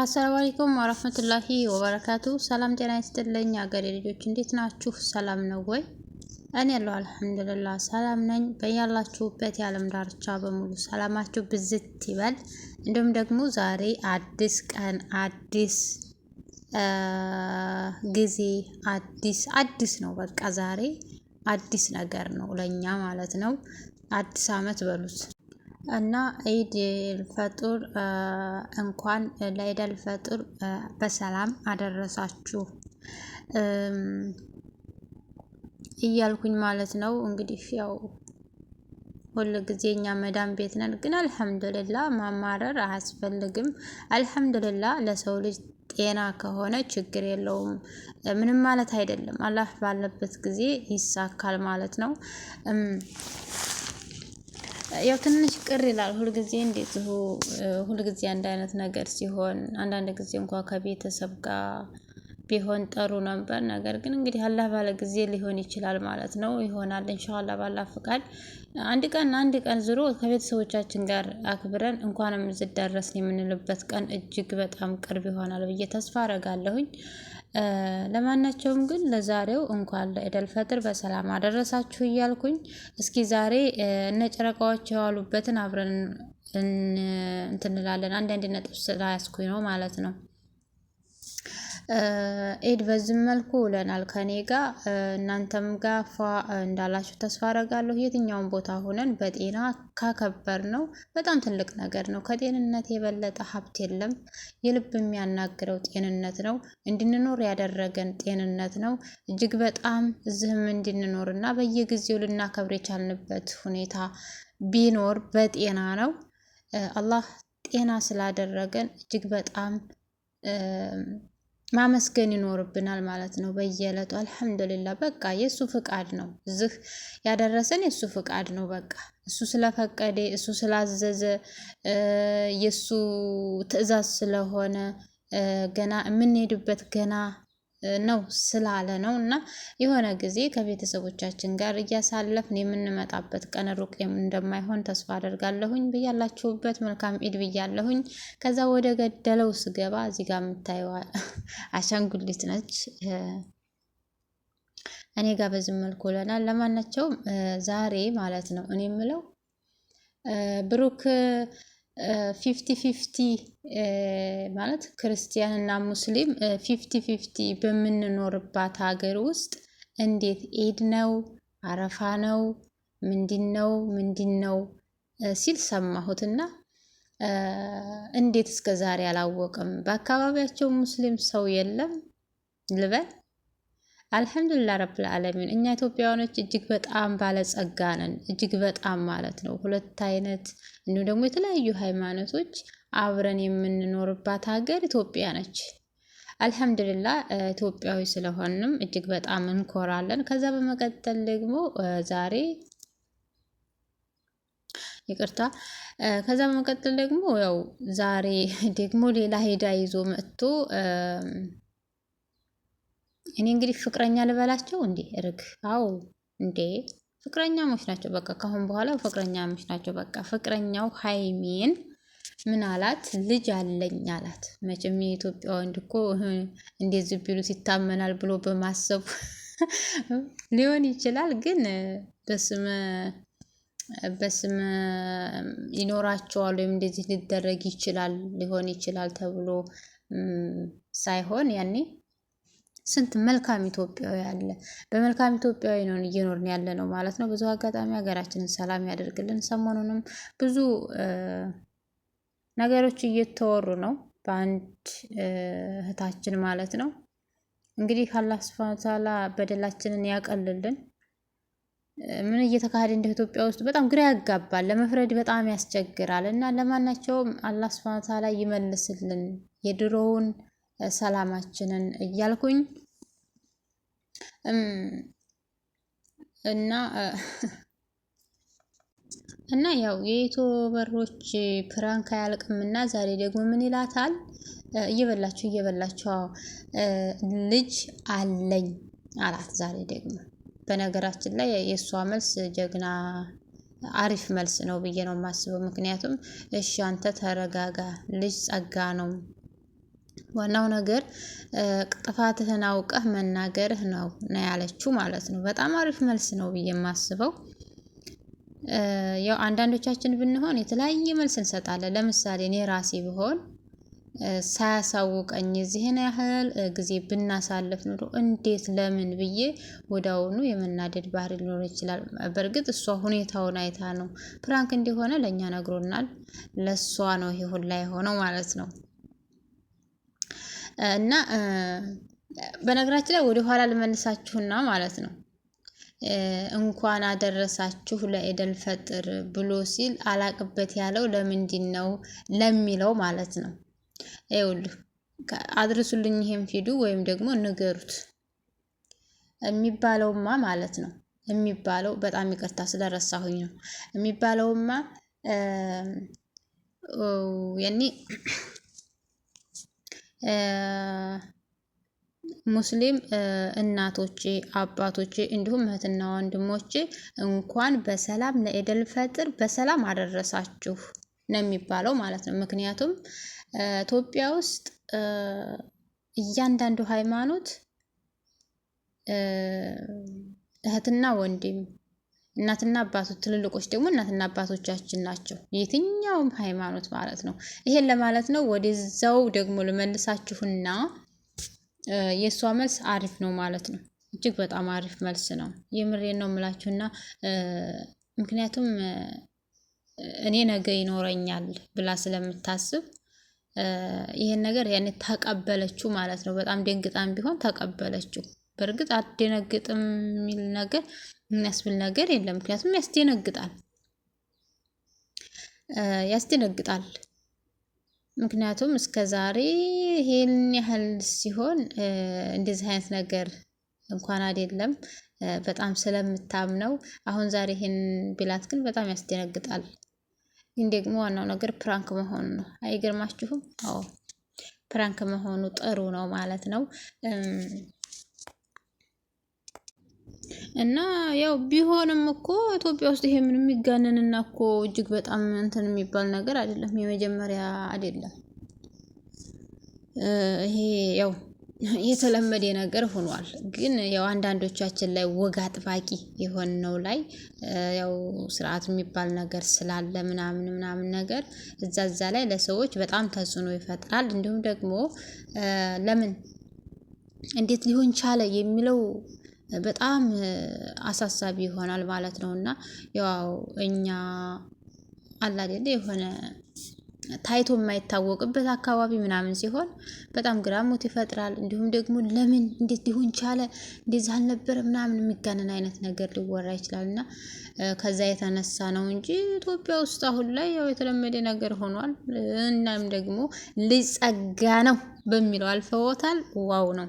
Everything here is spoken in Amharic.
አሰላሙ አለይኩም ወራህመቱላሂ ወበረካቱ። ሰላም ጤና ይስጥልኝ አገሬ ልጆች እንዴት ናችሁ? ሰላም ነው ወይ? እኔ ያለው አልሐምዱሊላህ ሰላም ነኝ። በያላችሁበት የዓለም ዳርቻ በሙሉ ሰላማችሁ ብዝት ይበል። እንዲሁም ደግሞ ዛሬ አዲስ ቀን፣ አዲስ ጊዜ፣ አዲስ አዲስ ነው። በቃ ዛሬ አዲስ ነገር ነው ለእኛ ማለት ነው። አዲስ አመት በሉት እና ኢድ ፈጡር እንኳን ለኢድ ፈጡር በሰላም አደረሳችሁ እያልኩኝ ማለት ነው። እንግዲህ ያው ሁል ጊዜ እኛ መዳም ቤት ነን፣ ግን አልሐምዱልላ ማማረር አያስፈልግም። አልሐምዱልላ ለሰው ልጅ ጤና ከሆነ ችግር የለውም። ምንም ማለት አይደለም። አላህ ባለበት ጊዜ ይሳካል ማለት ነው። ያው ትንሽ ቅር ይላል። ሁልጊዜ እንደዚሁ ሁልጊዜ አንድ አይነት ነገር ሲሆን አንዳንድ ጊዜ እንኳ ከቤተሰብ ጋር ቢሆን ጥሩ ነበር። ነገር ግን እንግዲህ አላህ ባለ ጊዜ ሊሆን ይችላል ማለት ነው። ይሆናል እንሻላ ባላ ፍቃድ አንድ ቀን አንድ ቀን ዝሮ ከቤተሰቦቻችን ጋር አክብረን እንኳንም ዝዳረስን የምንልበት ቀን እጅግ በጣም ቅርብ ይሆናል ብዬ ተስፋ አረጋለሁኝ። ለማናቸውም ግን ለዛሬው እንኳን ለኢደል ፈጥር በሰላም አደረሳችሁ እያልኩኝ እስኪ ዛሬ እነ ጨረቃዎች የዋሉበትን አብረን እንትንላለን። አንዳንድ ነጥብ ስላያስኩኝ ነው ማለት ነው። ኤድ በዚህም መልኩ ውለናል ከኔ ጋር እናንተም ጋር ፏ እንዳላችሁ ተስፋ አረጋለሁ። የትኛውን ቦታ ሆነን በጤና ካከበር ነው በጣም ትልቅ ነገር ነው። ከጤንነት የበለጠ ሀብት የለም። የልብ የሚያናግረው ጤንነት ነው። እንድንኖር ያደረገን ጤንነት ነው። እጅግ በጣም እዚህም እንድንኖር እና በየጊዜው ልናከብር የቻልንበት ሁኔታ ቢኖር በጤና ነው። አላህ ጤና ስላደረገን እጅግ በጣም ማመስገን ይኖርብናል ማለት ነው። በየዕለቱ አልሐምዱሊላ በቃ የእሱ ፍቃድ ነው። እዚህ ያደረሰን የእሱ ፍቃድ ነው። በቃ እሱ ስለፈቀደ እሱ ስላዘዘ የእሱ ትዕዛዝ ስለሆነ ገና የምንሄድበት ገና ነው ስላለ ነው እና የሆነ ጊዜ ከቤተሰቦቻችን ጋር እያሳለፍን የምንመጣበት ቀን ሩቅ እንደማይሆን ተስፋ አደርጋለሁኝ። ብያላችሁበት መልካም ኢድ ብያለሁኝ። ከዛ ወደ ገደለው ስገባ እዚህ ጋር የምታየው አሻንጉሊት ነች። እኔ ጋር በዚህ መልኩ ለናል። ለማናቸውም ዛሬ ማለት ነው እኔ የምለው ብሩክ ፊፍቲ ፊፍቲ ማለት ክርስቲያን እና ሙስሊም ፊፍቲ ፊፍቲ በምንኖርባት ሀገር ውስጥ እንዴት ኤድ ነው አረፋ ነው ምንድን ነው ምንድን ነው ሲል ሰማሁትና እንዴት እስከ ዛሬ አላወቅም? በአካባቢያቸው ሙስሊም ሰው የለም ልበል አልሐምዱሊላህ ረብል ዓለሚን እኛ ኢትዮጵያውያኖች እጅግ በጣም ባለጸጋ ነን። እጅግ በጣም ማለት ነው። ሁለት አይነት እንዲሁም ደግሞ የተለያዩ ሃይማኖቶች አብረን የምንኖርባት ሀገር ኢትዮጵያ ነች። አልሐምዱሊላህ ኢትዮጵያዊ ስለሆንም እጅግ በጣም እንኮራለን። ከዛ በመቀጠል ደግሞ ዛሬ ይቅርታ፣ ከዛ በመቀጠል ደግሞ ያው ዛሬ ደግሞ ሌላ ሄዳ ይዞ መጥቶ እኔ እንግዲህ ፍቅረኛ ልበላቸው እንዴ? እርግ አዎ፣ እንዴ ፍቅረኛሞች ናቸው። በቃ ካሁን በኋላ ፍቅረኛሞች ናቸው። በቃ ፍቅረኛው ሀይሚን ምን አላት? ልጅ አለኝ አላት። መቼም የኢትዮጵያ ወንድ እኮ እንደዚህ ቢሉት ይታመናል ብሎ በማሰቡ ሊሆን ይችላል። ግን በስመ በስመ ይኖራቸዋል ወይም እንደዚህ ሊደረግ ይችላል ሊሆን ይችላል ተብሎ ሳይሆን ያኔ ስንት መልካም ኢትዮጵያዊ አለ። በመልካም ኢትዮጵያዊ ነው እየኖርን ያለ ነው ማለት ነው። ብዙ አጋጣሚ ሀገራችንን ሰላም ያደርግልን። ሰሞኑንም ብዙ ነገሮች እየተወሩ ነው በአንድ እህታችን ማለት ነው። እንግዲህ አላህ ሱብሃነሁ ወተዓላ በደላችንን ያቀልልን። ምን እየተካሄደ እንደ ኢትዮጵያ ውስጥ በጣም ግራ ያጋባል፣ ለመፍረድ በጣም ያስቸግራል። እና ለማናቸውም አላህ ሱብሃነሁ ወተዓላ ይመልስልን የድሮውን ሰላማችንን እያልኩኝ እና እና ያው የዩቱበሮች ፕራንክ አያልቅም እና ዛሬ ደግሞ ምን ይላታል? እየበላችሁ እየበላችሁ ልጅ አለኝ አላት። ዛሬ ደግሞ በነገራችን ላይ የእሷ መልስ ጀግና አሪፍ መልስ ነው ብዬ ነው የማስበው። ምክንያቱም እሺ አንተ ተረጋጋ፣ ልጅ ጸጋ ነው ዋናው ነገር ጥፋትህን አውቀህ መናገርህ ነው ነው ያለችው ማለት ነው። በጣም አሪፍ መልስ ነው ብዬ የማስበው። ያው አንዳንዶቻችን ብንሆን የተለያየ መልስ እንሰጣለን። ለምሳሌ እኔ ራሴ ብሆን ሳያሳውቀኝ እዚህን ያህል ጊዜ ብናሳልፍ ኑሮ እንዴት ለምን ብዬ ወዲያውኑ የመናደድ ባህሪ ሊኖር ይችላል። በእርግጥ እሷ ሁኔታውን አይታ ነው ፕራንክ እንዲሆነ ለእኛ ነግሮናል። ለእሷ ነው ይሁን ላይ ሆነው ማለት ነው። እና በነገራችን ላይ ወደኋላ ልመልሳችሁና ማለት ነው እንኳን አደረሳችሁ ለኢደል ፈጥር ብሎ ሲል አላቅበት ያለው ለምንድን ነው ለሚለው ማለት ነው። ይኸውልህ አድርሱልኝ ይሄን ፊዱ ወይም ደግሞ ንገሩት የሚባለውማ ማለት ነው የሚባለው በጣም ይቅርታ ስለረሳሁኝ ነው የሚባለውማ የኔ ሙስሊም እናቶቼ አባቶቼ እንዲሁም እህትና ወንድሞቼ እንኳን በሰላም ለኢደል ፈጥር በሰላም አደረሳችሁ ነው የሚባለው ማለት ነው። ምክንያቱም ኢትዮጵያ ውስጥ እያንዳንዱ ሃይማኖት እህትና ወንድም እናትና አባቶች ትልልቆች ደግሞ እናትና አባቶቻችን ናቸው፣ የትኛውም ሃይማኖት ማለት ነው። ይሄን ለማለት ነው። ወደዛው ደግሞ ልመልሳችሁና የእሷ መልስ አሪፍ ነው ማለት ነው። እጅግ በጣም አሪፍ መልስ ነው። የምሬን ነው የምላችሁና ምክንያቱም እኔ ነገ ይኖረኛል ብላ ስለምታስብ ይሄን ነገር ያኔ ተቀበለችው ማለት ነው። በጣም ደንግጣም ቢሆን ተቀበለችው። በእርግጥ አደነግጥም የሚል ነገር የሚያስብል ነገር የለም። ምክንያቱም ያስደነግጣል ያስደነግጣል። ምክንያቱም እስከ ዛሬ ይሄን ያህል ሲሆን እንደዚህ አይነት ነገር እንኳን አይደለም በጣም ስለምታምነው አሁን ዛሬ ይሄን ቢላት ግን በጣም ያስደነግጣል። ግን ደግሞ ዋናው ነገር ፕራንክ መሆኑ ነው። አይገርማችሁም? አዎ ፕራንክ መሆኑ ጥሩ ነው ማለት ነው። እና ያው ቢሆንም እኮ ኢትዮጵያ ውስጥ ይሄ ምን የሚጋነንና እኮ እጅግ በጣም እንትን የሚባል ነገር አይደለም። የመጀመሪያ አይደለም። ይሄ ያው የተለመደ ነገር ሆኗል። ግን ያው አንዳንዶቻችን ላይ ወግ አጥባቂ ነው ላይ ያው ስርዓት የሚባል ነገር ስላለ ምናምን ምናምን ነገር እዛ እዛ ላይ ለሰዎች በጣም ተጽዕኖ ይፈጥራል። እንዲሁም ደግሞ ለምን እንዴት ሊሆን ቻለ የሚለው በጣም አሳሳቢ ይሆናል ማለት ነው። እና ያው እኛ አላደለ የሆነ ታይቶ የማይታወቅበት አካባቢ ምናምን ሲሆን በጣም ግራሞት ይፈጥራል። እንዲሁም ደግሞ ለምን እንዴት ሊሆን ቻለ እንደዚህ አልነበረ ምናምን የሚጋነን አይነት ነገር ሊወራ ይችላል እና ከዛ የተነሳ ነው እንጂ ኢትዮጵያ ውስጥ አሁን ላይ ያው የተለመደ ነገር ሆኗል። እናም ደግሞ ልጸጋ ነው በሚለው አልፈወታል። ዋው ነው